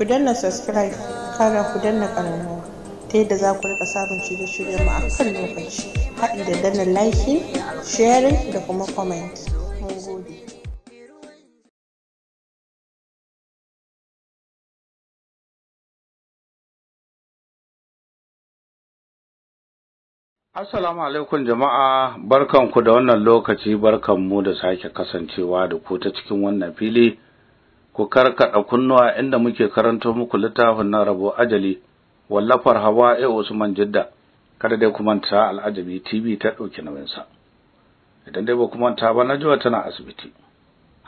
ku danna subscribe kara ku danna ƙararrawa ta yadda za ku rika samun shirye shirye mu a kan lokaci haɗi da danna like sharing da kuma comment mun Assalamu alaikum jama'a barkanku da wannan lokaci barkanmu da sake kasancewa da ku ta cikin wannan fili ku karkada kunnuwa inda muke karanto muku littafin na rabo ajali wallafar hawa, e Usman Jidda kada dai ku manta al'ajabi TV ta dauki nauyin sa idan dai ba ku manta ba na jiwa tana asibiti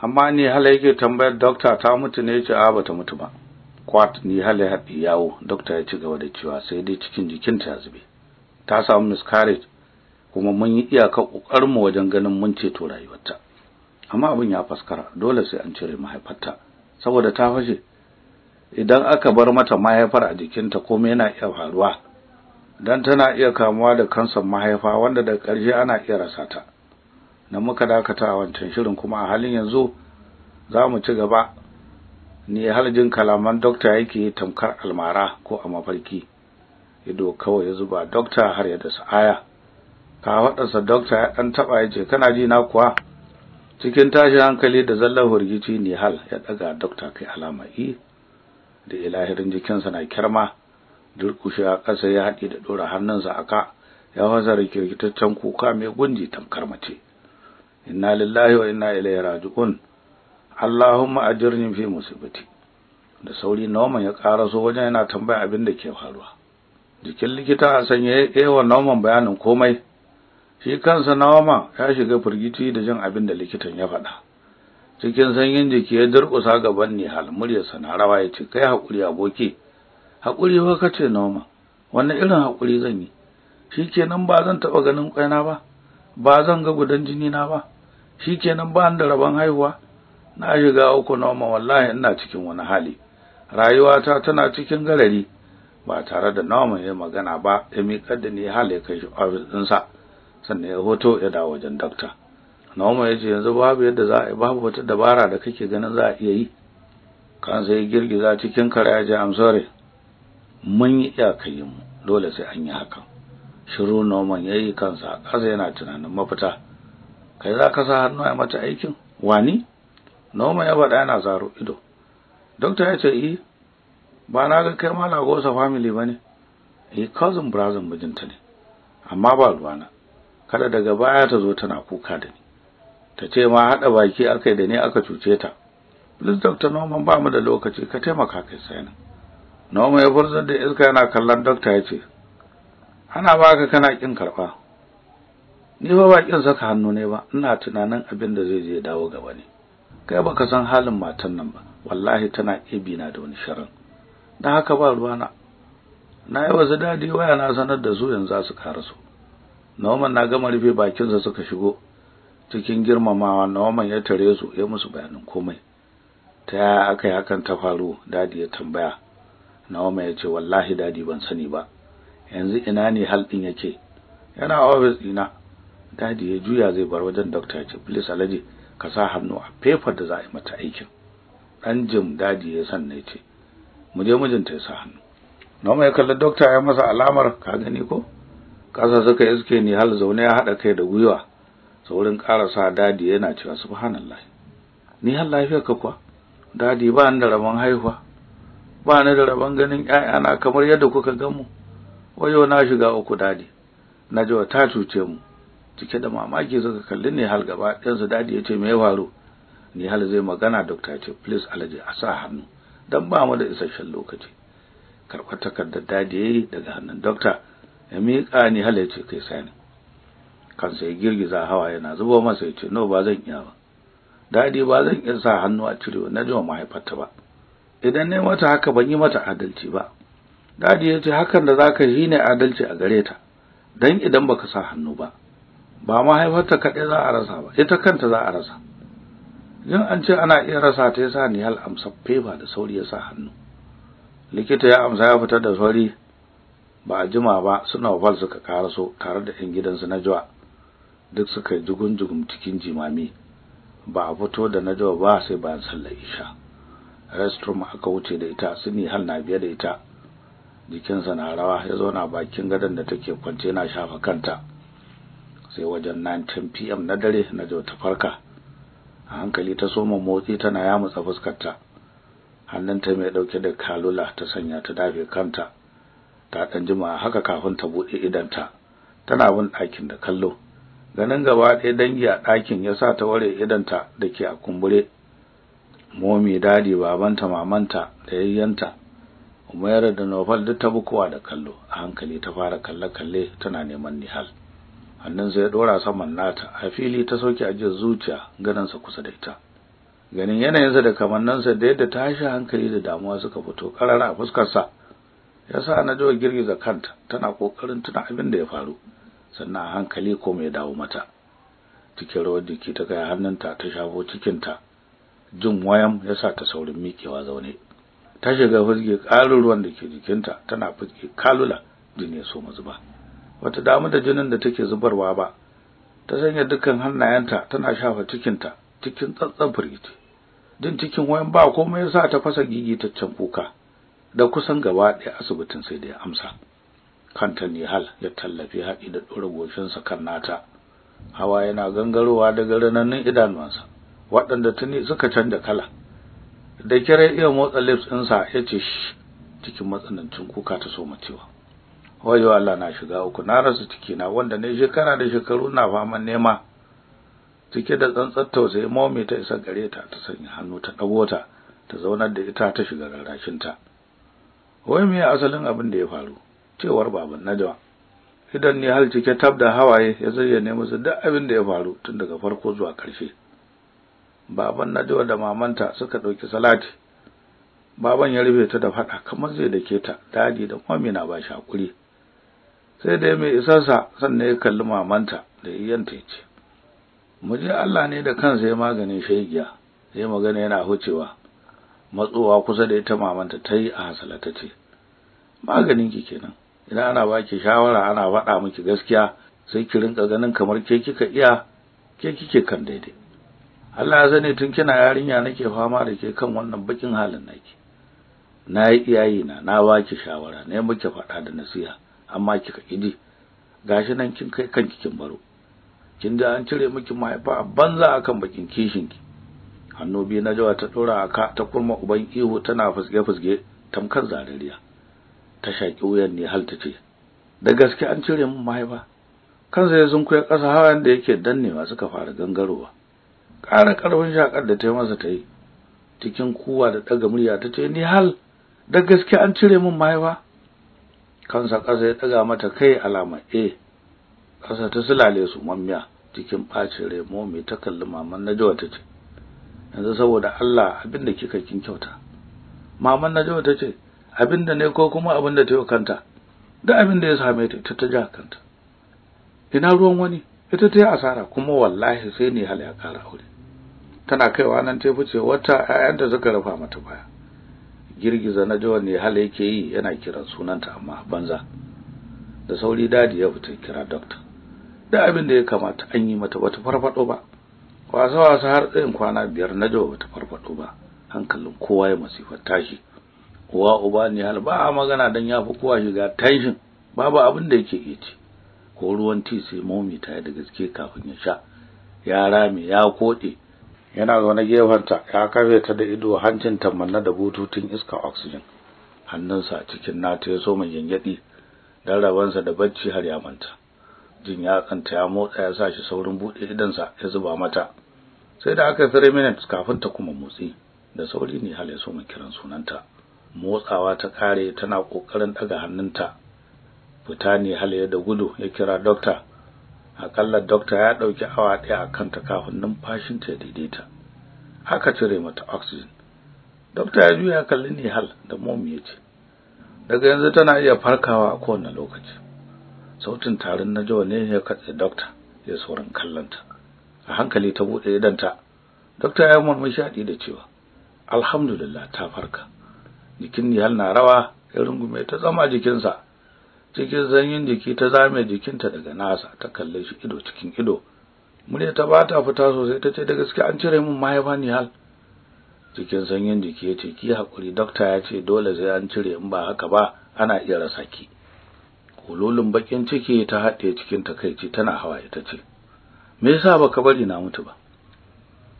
amma ni hala yake tambayar doctor ta mutu ne yace a bata mutu ba kwat ni hala hafi yawo doctor ya ci gaba da cewa sai dai cikin jikinta ya zube ta samu miscarriage kuma mun yi iyaka kokarin mu wajen ganin mun ceto rayuwarta amma abin ya faskara dole sai an cire mahaifarta saboda ta fashe idan aka bar mata mahaifar a jikinta komai yana iya faruwa dan tana iya kamuwa da kansar mahaifa wanda da ƙarshe ana iya rasa ta Na muka dakata a wancan shirin kuma a halin yanzu za mu ci gaba ni har jin kalaman dokta yake tamkar almara ko a mafarki ido kawai ya zuba dokta har ya dasa aya ka waɗansa dokta ya ɗan taɓa ya ce kana ji na kuwa cikin tashin hankali da zallar hurgici nihal ya daga dokta kai alama i e, da ilahirin jikinsa na kirma durkushe a ƙasa ya haɗe da ɗora hannunsa a ka ya wazara kirkitaccen kuka mai gunji tamkar mace inna lillahi wa inna ilaihi raji'un allahumma ajirni fi musibati da sauri noman ya karaso wajen yana tambaya abin da ke faruwa jikin likita a yi eh, wa noman bayanin komai shi kansa nawama ya shiga firgiti da jin abin da likitan ya faɗa cikin sanyin jiki ya durƙusa gaban Nihal muryarsa na rawa ya ce kai haƙuri aboki haƙuri ka ce nawama wannan irin haƙuri zan yi Shi kenan ba zan taɓa ganin ƙwaina ba ba zan ga gudan jini na ba kenan ba da rabon haihuwa na shiga uku nawama wallahi ina cikin wani hali rayuwata tana cikin garari ba tare da nawama ya magana ba ya miƙar da Nihal ya kai shi ofis ɗinsa. sannan ya hoto ya dawo wajen dakta Noma ya ce yanzu babu yadda za a babu wata dabara da kake ganin za a iya yi kan sai girgiza cikin kare ya ce I'm mun yi iyakayin mu dole sai an yi hakan shiru noman ya yi kansa a ƙasa yana tunanin mafita kai za ka sa hannu a mata aikin wani Noma ya faɗa yana zaro ido dokta ya ce eh ba na ga kai ma lagosa famili ba ne eh cousin brazil mijinta ne amma ba ruwana kada daga baya ta zo tana kuka da ni ta ce ma haɗa baki akai da ni aka cuce ta please doctor noman ba mu da lokaci ka taimaka kai sai nan noman ya furzar da iska yana kallon doctor ya ce ana baka kana kin karɓa ni ba ba kin saka hannu ne ba ina tunanin abin da zai je dawo gaba ne kai baka san halin matan nan ba wallahi tana ibi na da wani sharan dan haka ba ruwana na yi wasu dadi waya na sanar da su yanzu za su karasu Noman na gama rufe bakinsa suka shigo cikin girmamawa Noman ya tare su ya musu bayanin komai ta yaya aka yi hakan ta faru dadi ya tambaya Noman ya ce wallahi dadi ban sani ba yanzu ina ne hal din yake yana office dina dadi ya juya zai bar wajen doctor ya ce please alaji ka sa hannu a paper da za a yi mata aikin dan jim dadi ya san ne ce mu je mijinta ya sa hannu Noma ya kalli doctor ya masa alamar ka gani ko ƙasa suka iske ni hal zaune ya haɗa kai da gwiwa saurin ƙarasa dadi yana cewa subhanallah nihal hal lafiyar ka kuwa dadi ba ni da rabon haihuwa ba ni da rabon ganin ƴaƴana kamar yadda kuka gan mu wayo na shiga uku dadi na ji ta cuce mu cike da mamaki suka kalli ne hal gaba ɗansu dadi ya ce me ya faru ni zai magana dokta ce please alaji a sa hannu dan ba mu da isasshen lokaci karɓar takardar dadi yayi daga hannun dokta ya miƙa ni hala ce kai sani kansa ya girgiza hawa yana zuba masa ya ce no ba zan iya ba dadi ba zan iya sa hannu a cirewa na jima mahaifarta ba idan ne mata haka ban yi mata adalci ba dadi ya ce hakan da zaka yi ne adalci a gare ta dan idan baka sa hannu ba ba mahaifarta kaɗai za a rasa ba ita kanta za a rasa yin an ce ana iya rasa ta ya sa ni hal amsa feba da sauri ya sa hannu likita ya amsa ya fitar da sauri ba a jima ba suna wal suka karaso tare da 'yan gidansu na jawa duk suka jugun-jugun cikin jimami ba a fito da na jawa ba sai bayan sallar isha restroom aka wuce da ita suni hal na biye da ita jikinsa na rawa ya zauna bakin gadon da take kwance na shafa kanta sai wajen 9:10 pm na dare na jawa ta farka a hankali ta soma motsi tana yamutsa fuskarta hannunta mai ɗauke da kalula ta sanya ta dafe kanta ta dan jima haka kafin ta buɗe idanta tana bin ɗakin da kallo ganin gaba ɗaya dangi a ɗakin ya sa ta ware idanta da ke a kumbure momi dadi babanta mamanta da yayyanta umayar da nofal duk ta bukuwa da kallo a hankali ta fara kalle-kalle tana neman nihal hannunsa ya ɗora saman nata a fili ta sauke ajiyar zuciya ganinsa kusa da ita ganin yanayinsa da kamanninsa da yadda tashi hankali da damuwa suka fito ƙarara a fuskarsa ya sa na jiwa girgiza kanta tana kokarin tuna abin da ya faru sannan hankali ko mai dawo mata cikin rawar jiki ta kai hannunta ta shafo cikinta jin wayan ya sa ta saurin miƙewa zaune ta shiga fuske ƙarin ruwan da ke jikinta tana fuske kalula jini ya so mazuba wata damu da jinin da take zubarwa ba ta sanya dukkan hannayenta tana shafa cikinta cikin tsantsan firgici jin cikin wayan ba komai ya sa ta fasa gigitaccen kuka da kusan gaba ɗaya asibitin sai da ya amsa kanta nihal ya tallafi haɗi da ɗora goshinsa kan nata hawa yana gangarowa daga ranannun idanuwansa waɗanda tuni suka canja kala da kira iya motsa lips ɗinsa ya ce shi cikin matsanancin kuka ta soma cewa wayo Allah na shiga uku na rasa cikina wanda ne shekara da shekaru na faman nema cike da tsantsar tausayi momi ta isa gare ta ta sanya hannu ta ɗago ta ta zaunar da ita ta shiga rarrashinta wai me asalin abin da ya faru cewar baban najwa idan ne hal cike tab da hawaye ya zayyane masa duk abin da ya faru tun daga farko zuwa karshe baban najwa da mamanta suka ɗauki salati baban ya rufe ta da faɗa kamar zai dake ta dadi da amina ba shi hakuri sai da mai isarsa sannan ya kalli mamanta da iyanta ya ce mu je Allah ne da kansa ya maganin shaigiya sai magana yana hucewa matsowa kusa da ita mamanta ta yi a hasala ta ce maganin ki kenan idan ana baki shawara ana faɗa miki gaskiya sai ki rinka ganin kamar ke kika iya ke kike kan daidai Allah ya sani tun kina yarinya nake fama da ke kan wannan bakin halin naki na yi iyayi na na baki shawara ne muke faɗa da nasiya, amma kika idi gashi nan kin kai kanki kin baro kin da an cire miki mahaifa a banza akan bakin kishinki hannu biyu na jawa ta ɗora a ta kurma uban ihu tana fusge-fusge tamkar zarariya ta shaƙi wuyan ne hal ta ce da gaske an cire min mahaifa kansa ya sunkuya ƙasa hawan da yake dannewa suka fara gangarowa ƙara ƙarfin shakar da ta yi masa ta yi cikin kuwa da ɗaga murya ta ce ni hal da gaske an cire min mahaifa kansa ƙasa ya ɗaga mata kai alama e ƙasa ta sulale su mamiya cikin ɓacin remo mai ta kalli maman na jawa ta ce yanzu saboda Allah abinda kika kin kyauta maman Najwa ta ce abinda ne ko kuma abin ta yi kanta da abin ya same ta ita ta taja kanta ina ruwan wani ita ta yi asara kuma wallahi sai ne hal ya kara aure tana kaiwa nan ta fice wata da suka rufa mata baya girgiza Najwa ne hal yake yi yana kiran sunanta amma banza da sauri dadi ya fita kira doctor da abinda ya kamata an yi mata bata farfado ba wasa wasa har tsayin kwana biyar na jawa bata farfado ba hankalin kowa ya masifar tashi uwa uba ne hal ba magana dan yafi kowa shiga tashin babu abin da yake yi ko ruwan ti sai momi ta da gaske kafin ya sha ya rame ya kode yana zaune ta, ya kafe ta da ido hancin tamanna da bututun iska oxygen hannunsa a cikin nata ya so mai gyangyaɗi dan rabansa da bacci har ya manta jin ya kanta ya motsa ya sa shi saurin buɗe idansa ya zuba mata sai da aka tsare minutes kafin ta kuma motsi da sauri ne hal ya so mai kiran sunanta motsawa ta kare tana kokarin daga hannunta fita ne hal ya da gudu ya kira doctor akalla doctor ya dauki awa daya akan ta kafin numfashin ta daidaita aka cire mata oxygen doctor ya juya kalli ni hal da momi ya ce daga yanzu tana iya farkawa a kowane lokaci sautin tarin na jawa ne ya katse doctor ya saurin kallanta a hankali ta bude idanta dokta ya mun shaɗi da cewa alhamdulillah ta farka jikin nihal na rawa ya rungume ta zama jikinsa cikin zanyin jiki ta zame jikinta daga nasa ta kalle shi ido cikin ido mune ta ba fita sosai ta ce da gaske an cire mun mahaifa nihal cikin sanyin jiki ya ce ki haƙuri dokta ya ce dole sai an cire in ba haka ba ana iya rasa ki kululun bakin ciki ta haɗe cikin takaici tana hawaye ta ce me yasa baka bari na mutu ba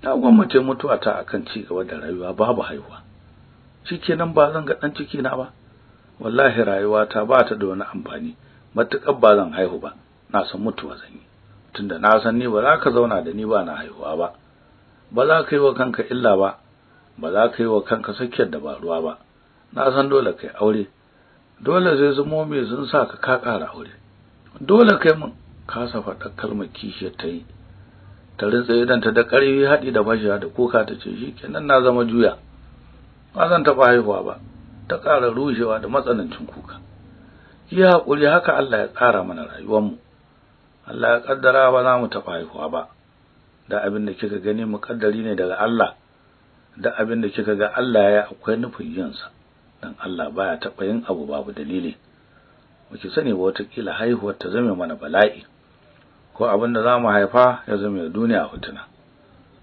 na gwammace mutuwa ta akan ci gaba da rayuwa babu haihuwa shikenan ba zan ga dan ciki na ba wallahi rayuwa ta ba ta da wani amfani matukar ba zan haihu ba na san mutuwa zan yi tunda na san ni ba za ka zauna da ni ba na haihuwa ba ba za ka yi wa kanka illa ba ba za ka yi wa kanka sakiyar dabaruwa ba na san dole kai aure dole zai zumo mai sun sa ka ka kara aure dole kai mun kasa faɗa kalmar kishiyar ta yi ta rintsa ta da ƙarfi haɗi da bashiya da kuka ta ce shi kenan na zama juya ba zan taɓa haihuwa ba ta ƙara rushewa da matsanancin kuka yi haƙuri haka Allah ya tsara mana rayuwarmu Allah ya ƙaddara ba za mu taɓa haihuwa ba da abin da kika gani muƙaddari ne daga Allah da abin da kika ga Allah ya akwai nufin yinsa dan Allah baya taɓa yin abu babu dalili Wace sani ba watakila haihuwar ta zame mana bala'i ko abin da za mu haifa ya zama duniya hutuna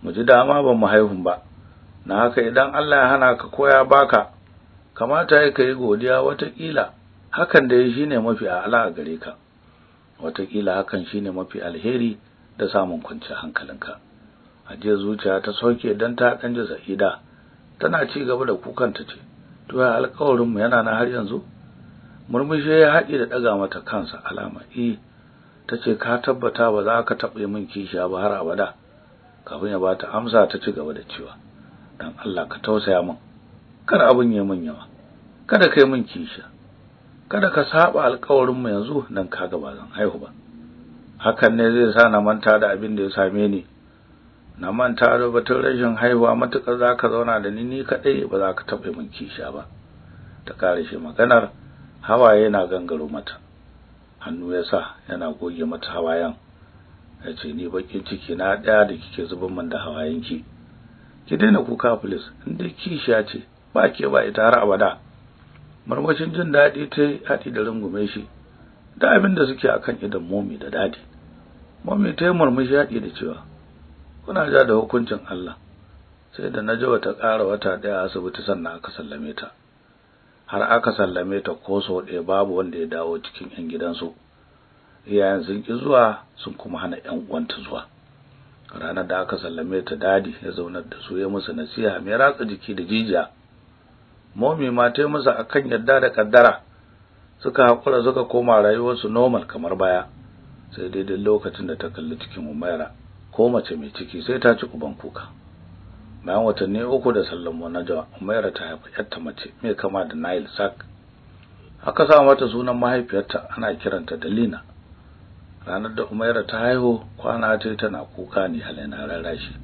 mu ji dama ban mu haihun ba na haka idan Allah ya hana ka koya baka kamata ya kai godiya watakila hakan da shi shine mafi ala a gare ka watakila hakan shine mafi alheri da samun kwanciyar hankalinka aje zuciya ta sauke dan ta dan ji sa'ida tana ci gaba da kukanta ce to ya alƙawarin mu yana na har yanzu murmushi ya haɗi da ɗaga mata kansa alama eh ta ce ka tabbata ba za ka taɓa min kishiya ba har abada kafin ya ba ta amsa ta ci gaba da cewa dan Allah ka tausaya min kar abin ya min yawa kada kai min kishiya kada ka saba alƙawarin mu yanzu dan ka ba zan haihu ba hakan ne zai sa na manta da abin da ya same ni na manta da batun rashin haihuwa matukar za ka zauna da ni ni kaɗai ba za ka taɓa min kishiya ba ta kare shi maganar hawaye na gangaro mata hannu ya sa yana goge mata hawayen ya ce ni bakin ciki na ɗaya da kike zubin man da hawayenki ki daina kuka please in dai kishiya ce ba ke ba ita har abada marmashin jin daɗi ta yi haɗi da rungume shi da abin da suke akan idan momi da daɗi. momi ta yi murmushi haɗi da cewa kuna ja da hukuncin Allah sai da na ji wata ƙara wata ɗaya asibiti sannan aka sallame ta har aka sallame ta ko sau ɗaya babu wanda ya dawo cikin 'yan gidansu iyayen sun ƙi zuwa sun kuma hana 'yan uwanta zuwa ranar da aka sallame ta dadi ya zaunar da su ya musu nasiha mai ratsa jiki da jijiya momi ma ta yi musu akan yadda da ƙaddara, suka haƙura suka koma rayuwarsu normal kamar baya sai daidai lokacin da ta kalli cikin umaira ko mace mai ciki sai ta ci uban kuka bayan watanni uku da sallamo na jawa umaira ta haifa yarta mace mai kama da Nile Sak aka sa mata sunan mahaifiyarta ana kiranta da Lina ranar da umaira ta haihu kwana ta tana kuka ne halina rarashi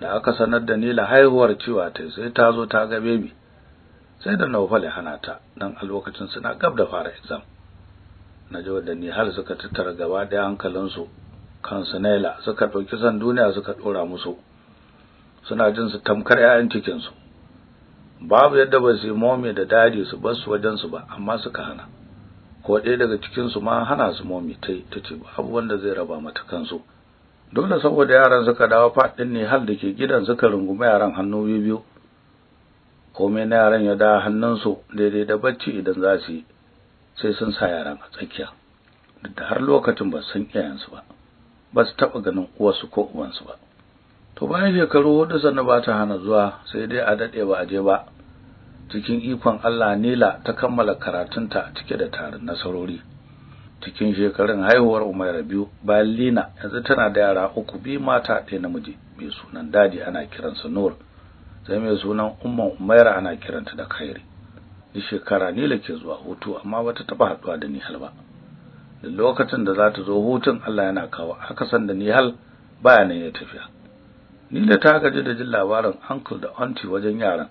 da aka sanar da Nila haihuwar cewa ta sai ta zo ta ga bebi sai da Nawfal hana ta dan a lokacin suna gab da fara exam na jawa da ni har suka tattara gaba da hankalinsu kansu Naila suka ɗauki san duniya suka ɗora musu suna jin su tamkar 'ya'yan cikinsu babu yadda ba su momi da dadi su bar su wajen su ba amma suka hana ko ɗaya daga cikin su ma hana su momi tai tace abu wanda zai raba mata kansu dole saboda yaran suka dawo faɗin ne hal da ke gidan suka rungumi yaran hannu biyu biyu komai na yaran ya da hannunsu daidai da bacci idan za su yi sai sun sa yaran a tsakiya da har lokacin ba san iyayensu ba ba su taɓa ganin uwarsu ko ubansu ba to bayan shekaru hudu sannan ba ta hana zuwa sai dai a daɗe ba a je ba cikin ikon Allah Nila ta kammala karatunta cike da tarin nasarori cikin shekarun haihuwar Umaira biyu bayan Lina yanzu tana da yara uku bi mata ɗaya namiji mai sunan Dadi ana kiransa Nur sai mai sunan Umman Umar ana kiranta da Khairi ni shekara Nila ke zuwa hutu amma bata taba haɗuwa da Nihal ba da lokacin da za ta zo hutun Allah yana kawo haka da Nihal baya nan ya tafiya ni da ta gaji da jin labarin uncle da auntie wajen yaran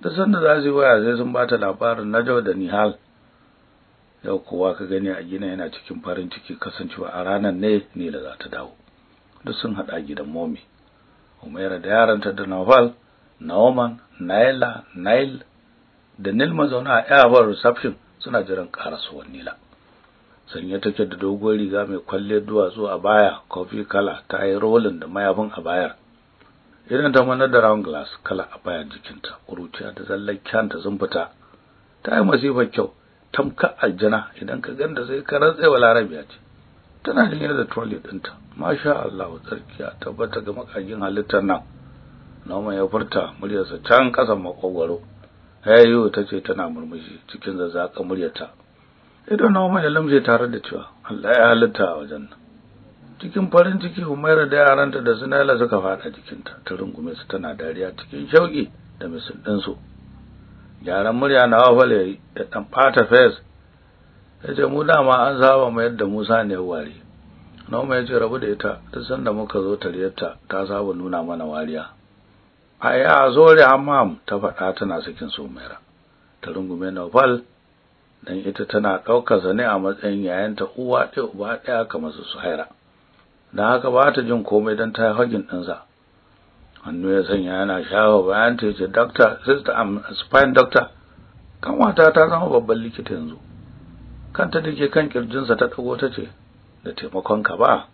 da sanda za su yi waya sai sun bata labarin na Joe da nihal yau kowa ka gani a gina yana cikin farin ciki kasancewa a ranar ne ne da za ta dawo duk sun haɗa gidan momi umaira da yaranta da naval naoman naila nail da nilma zaune a ayyabar reception suna jiran karasuwar nila sanye take da doguwar riga mai kwalle duwatsu a baya kofi kala ta yi rolin da mayafin a bayar idan ta manar da round glass kala a bayan jikinta kuruciya da zallar kyanta sun fita ta yi masifar kyau tamka aljana idan ka ganda sai ka rantse wa larabiya ce tana hanyar da trolley ɗinta masha Allah wa tsarkiya tabbata ga makagin halittar nan Noma ya furta muryarsa can kasan makogwaro Hayyo ta ce tana murmushi cikin zazzaka muryarta idan Noma ya lamshe tare da cewa Allah ya halitta a wajen nan cikin farin ciki humaira da yaranta da sunaila suka fada jikinta ta rungume su tana dariya cikin shauƙi da misul ɗinsu gyaran murya na wafale da ɗan ɓata fes ya ce mu dama an saba mu yadda musa ne wari noma ya ce rabu da ita duk sanda muka zo tariyarta ta saba nuna mana wariya a yi a ta faɗa tana sakin sumaira ta rungume nofal dan ita tana ɗauka zane a matsayin yayanta uwa ɗaya uba ɗaya kamar su suhaira da haka ba ta jin komai don ta hagin ɗinsa hannu ya sanya yana shawo bayan ta ce doctor sister am spine doctor kan wata ta zama babban likita yanzu kanta da ke kan kirjinsa ta ɗago ta ce da taimakon ka ba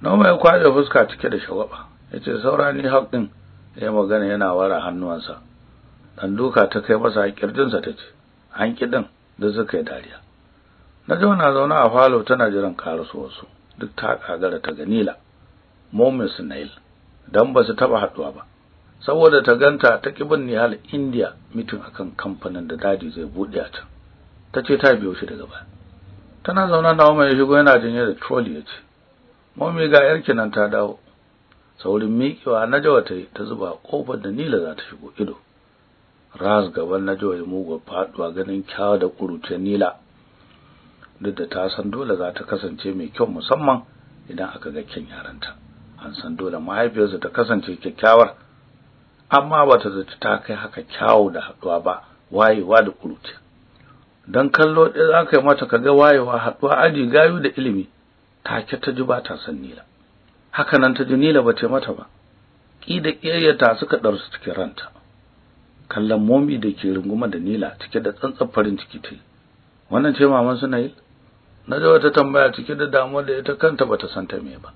noma ya kwashe fuska cike da shawaba, ya ce saura ni haƙ ɗin ya magana yana wara hannuwansa ɗan duka ta kai masa kirjinsa ta ce an ƙi ɗin da suka yi dariya na ji zauna a falo tana jiran karasu wasu duk ta kagara ta ga nila momin Nail, dan ba su taba haduwa ba saboda ta ganta ta kibin nihal india mitin akan kamfanin da dadi zai buɗe a can ce ta biyo shi daga baya tana zauna da mai shigo yana jinya da trolley ce momi ga yarki nan ta dawo saurin miƙewa na jawa ta ta zuba kofar da nila za ta shigo ido ras gaban jawa ya mugo faduwa ganin kyawa da kuruce nila duk da ta san dole za ta kasance mai kyau musamman idan aka ga kyan yaranta an san dole mahaifiyarsa ta kasance kyakkyawar amma ba ta zata ta kai haka kyawu da haɗuwa ba wayewa da kuruciya don kallo ɗaya za ka yi mata ka ga wayewa haɗuwa aji gayu da ilimi take ta ji ba ta san nila haka nan ta ji nila ba ce mata ba ƙi da ƙiyayyata suka ɗarsu cikin ranta kallon momi da ke runguma da nila cike da tsantsan farin ciki ta yi wannan ce maman suna yi na ji wata tambaya cike da damuwa da ita kanta bata san ta me ba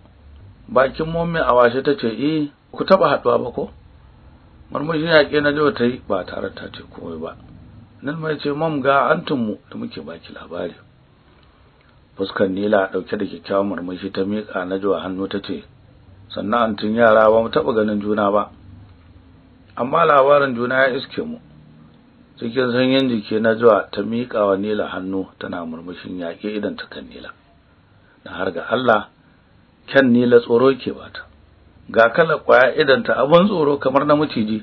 bakin mummi a washe ta ce eh ku taba haduwa ba ko murmushi ya ke na ji wata yi ba tare ta ce komai ba nan mai ce mam ga antunmu da muke baki labari fuskar nila ɗauke da kyakkyawan murmushi ta miƙa na wa hannu ta ce sannan antun yara ba mu taɓa ganin juna ba amma labarin juna ya iske mu cikin sanyin jiki na zuwa ta miƙa wa nila hannu tana murmushin yaƙi idan ta kan nila na har ga Allah kyan nila tsoro ke bata ga kala ƙwaya idan ta abun tsoro kamar na mutiji, maciji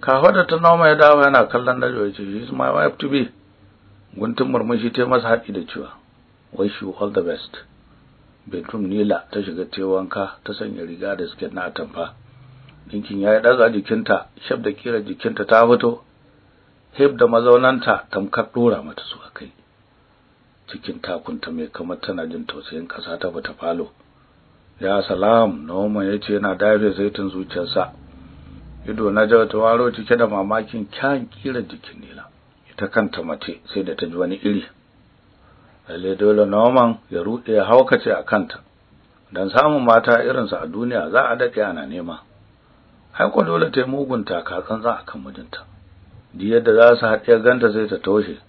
kafada ta noma ya dawo yana kallon na ya ce shi is my wife to be guntun murmushi ta masa haɗi da cewa wish you all the best bedroom nila ta shiga ta wanka ta sanya riga da suke na atamfa ya yi ɗaga jikinta shab da kira jikinta ta fito hib da mazaunanta tamkar dora mata su akai cikin takunta mai kamar tana jin tausayin ƙasa ta bata falo ya salam noma yace yana dafe zaitun zuciyarsa ido na jawa ta waro cike da mamakin kyan kira jikin nila ita kanta mace sai da ta ji wani iri lalle dole noman ya rude ya haukace a kanta dan samun mata irinsa a duniya za a dade ana nema ai dole ta yi mugunta ka tsantsa akan mijinta duk yadda za su haɗe ganta sai ta toshe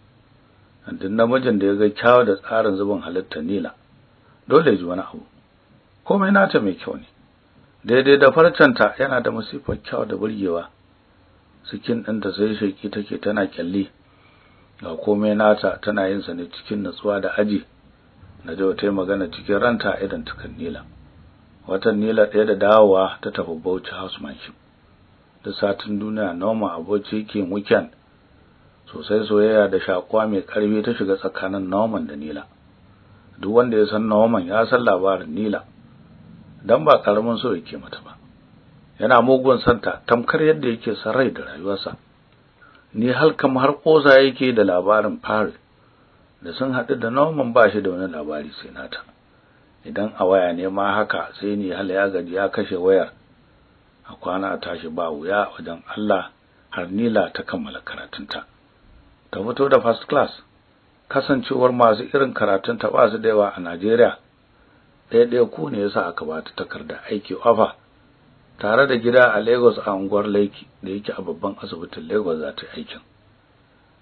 duk namijin da ya ga kyawu da tsarin zubin halitta nila dole ji wani abu komai nata mai kyau ne daidai da farcanta yana da masifar kyau da burgewa sikin ɗinta sai sheki take tana kyalli ga komai nata tana yin sa ne cikin natsuwa da aji na jawa ta yi magana cikin ranta idan tukan nila watan nila ɗaya da dawowa ta tafi bauchi house manship da satin duniya noma aboci ke weekend sosai soyayya da shakwa mai karfi ta shiga tsakanin Norman da Nila duk wanda ya san Norman ya san labarin Nila dan ba karamin so yake mata ba yana mugun santa tamkar yadda yake san rai da rayuwarsa ni halkam har koza yake da labarin fari da sun haɗu da Norman ba shi da wani labari sai nata idan a waya ne ma haka sai ni hal ya gaji ya kashe wayar a kwana a tashi ba wuya wajen Allah har Nila ta kammala karatunta ta fito da first class kasancewar masu irin karatunta ta ba su da yawa a Najeriya ɗaya ku ne yasa aka ba ta takarda aiki ofa tare da gida a Lagos a unguwar Lake da yake a babban asibitin Lagos za ta aikin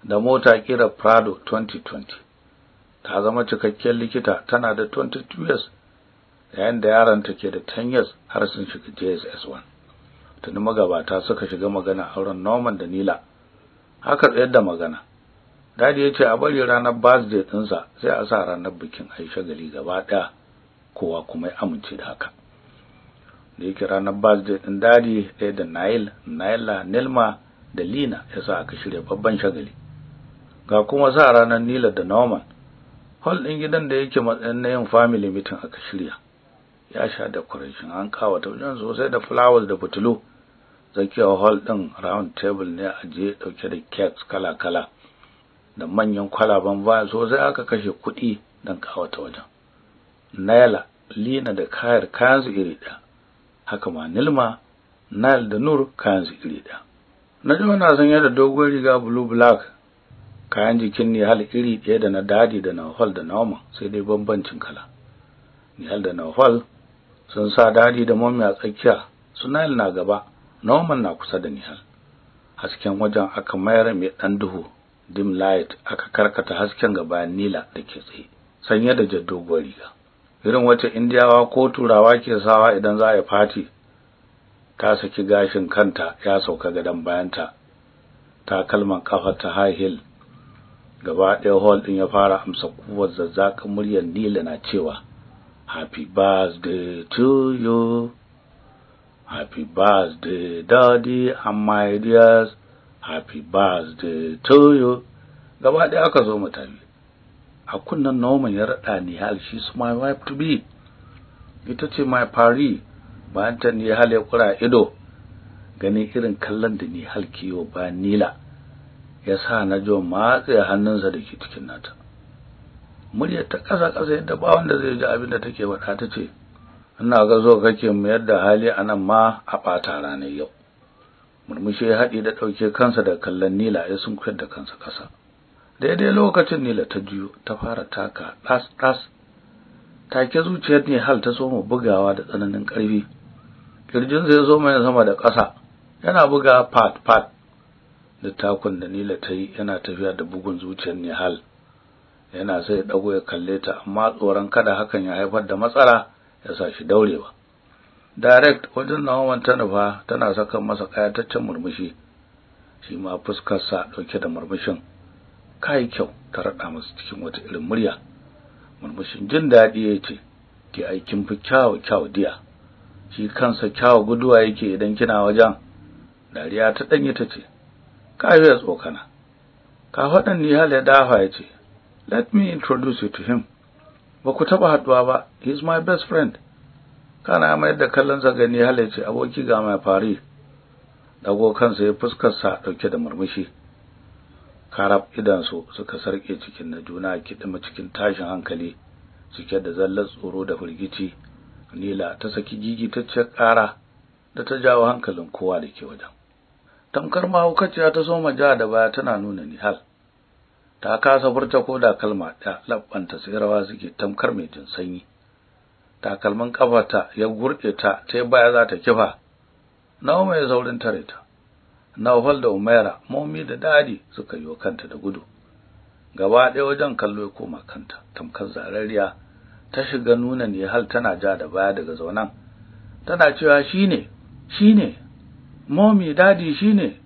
da mota kira Prado 2020 ta zama cikakken likita tana da 22 years yayin da yaron take da 10 years har sun shiga JSS 1 tuni magabata suka shiga magana auren Norman da Nila haka tsayar da magana dadi yace a bari ranar birthday ɗinsa sai a sa ranar bikin Aisha gari gaba ɗaya kowa kuma ya amince da haka da yake ranar birthday ɗin dadi ɗaya da Nail Naila nelma da Lina ya sa aka shirya babban shagali ga kuma sa ranar Nila da Norman hall ɗin gidan da yake matsayin na yin family meeting aka shirya ya sha decoration an ta wajen sosai da flowers da fitilu zakiyar hall din round table ne a je dauke da cakes kala kala da manyan kwalaban baya sosai aka kashe kuɗi don kawata wajen naila lina da kayar kayan su iri ɗaya haka ma nilma nile da nur kayan su iri ɗaya na ji wani san yadda dogon riga blue black kayan jikin nihal iri ɗaya da na dadi da na hall da na sai dai bambancin kala nihal da na hall sun sa dadi da mommy a tsakiya sunail na gaba norman na kusa da nihal hasken wajen aka mayar mai dan duhu dim light aka karkata hasken gaba nila da ke tsaye sanye da jaddogwar riga irin wacce indiyawa ko turawa ke sawa idan za a yi fati ta saki gashin kanta ya sauka gadon bayanta takalman kafar ta high heel gaba ɗaya hall ɗin ya fara amsa kuwar zazzakan muryar nila na cewa Happy birthday to you. Happy birthday, daddy and my dears. Happy birthday to you. Gaba ɗaya aka zo mu tafi. A kunnen Noman ya raɗa Nihal, she's my wife to be. Ita ce my pari, bayan ta Nihal ya kura ido. Ganin irin kallon da Nihal ke yi wa Nila ya sa na jo matse hannunsa da ke cikin nata. muryar ta ƙasa ƙasa yadda ba wanda zai ji abin da take faɗa ta ce ina ga zo kake mu yadda hali a nan ma a ɓata ranar yau murmushi ya haɗi da ɗauke kansa da kallon nila ya sun da kansa ƙasa daidai lokacin nila ta juyo ta fara taka ɗas ɗas take zuciyar ne hal ta soma bugawa da tsananin ƙarfi kirjin zai zo mai sama da ƙasa yana buga fat-fat. da takun da nila ta yi yana tafiya da bugun zuciyar nihal yana sai ya dago ya kalle ta amma tsoron kada hakan ya haifar da matsala ya sa shi daurewa direct wajen nawawan ta nufa tana saka masa kayataccen murmushi shi ma fuskarsa dauke da murmushin kai kyau ta raɗa masa cikin wata irin murya murmushin jin daɗi ya ce ki aikin fi kyau kyau, diya shi kansa kyau guduwa yake idan kina wajen dariya ta ɗanyi ta ce ka yi tsokana ka faɗin ni hal ya dafa ya ce Let me introduce you to him. Ba ku taɓa haɗuwa ba, he is my best friend. Kana mai da kallon zagani halice aboki ga mai fari. Dago kansa ya fuskarsa ɗauke da murmushi. Karab idansu suka sarƙe cikin na juna kiɗima cikin tashin hankali cike da zallar tsoro da firgici. Nila ta saki gigitacciyar ƙara da ta jawo hankalin kowa da ke wajen. Tamkar mahaukaciya ta soma ja da baya tana nuna Nihal. ta kasa furta ko da kalma ɗaya laɓanta sai rawa suke tamkar mai jin sanyi takalmin ta ya gurɗe ta ta baya za ta kifa Nawa mai saurin tare ta Nawfal da Umaira momi da dadi suka yi kanta da gudu gaba ɗaya wajen kallo ya koma kanta tamkar zarariya ta shiga nuna ne hal tana ja da baya daga zaunan tana cewa shine shine momi dadi shine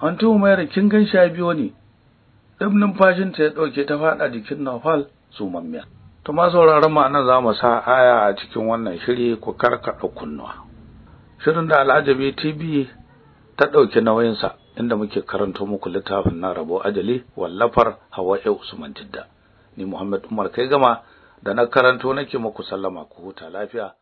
antu Umaira kin gan sha biyo ne ɗin numfashinta ya ɗauke ta faɗa jikin Nafal sumammiya. To ma sauraron mu za mu sa aya a cikin wannan shiri ku karkaɗa kunnuwa. Shirin da Al'ajabi TV ta ɗauki nauyinsa inda muke karanto muku littafin na rabo ajali wallafar hawa Hawa'i Usman Jidda. Ni Muhammad Umar kai gama da na karanto nake muku sallama ku huta lafiya.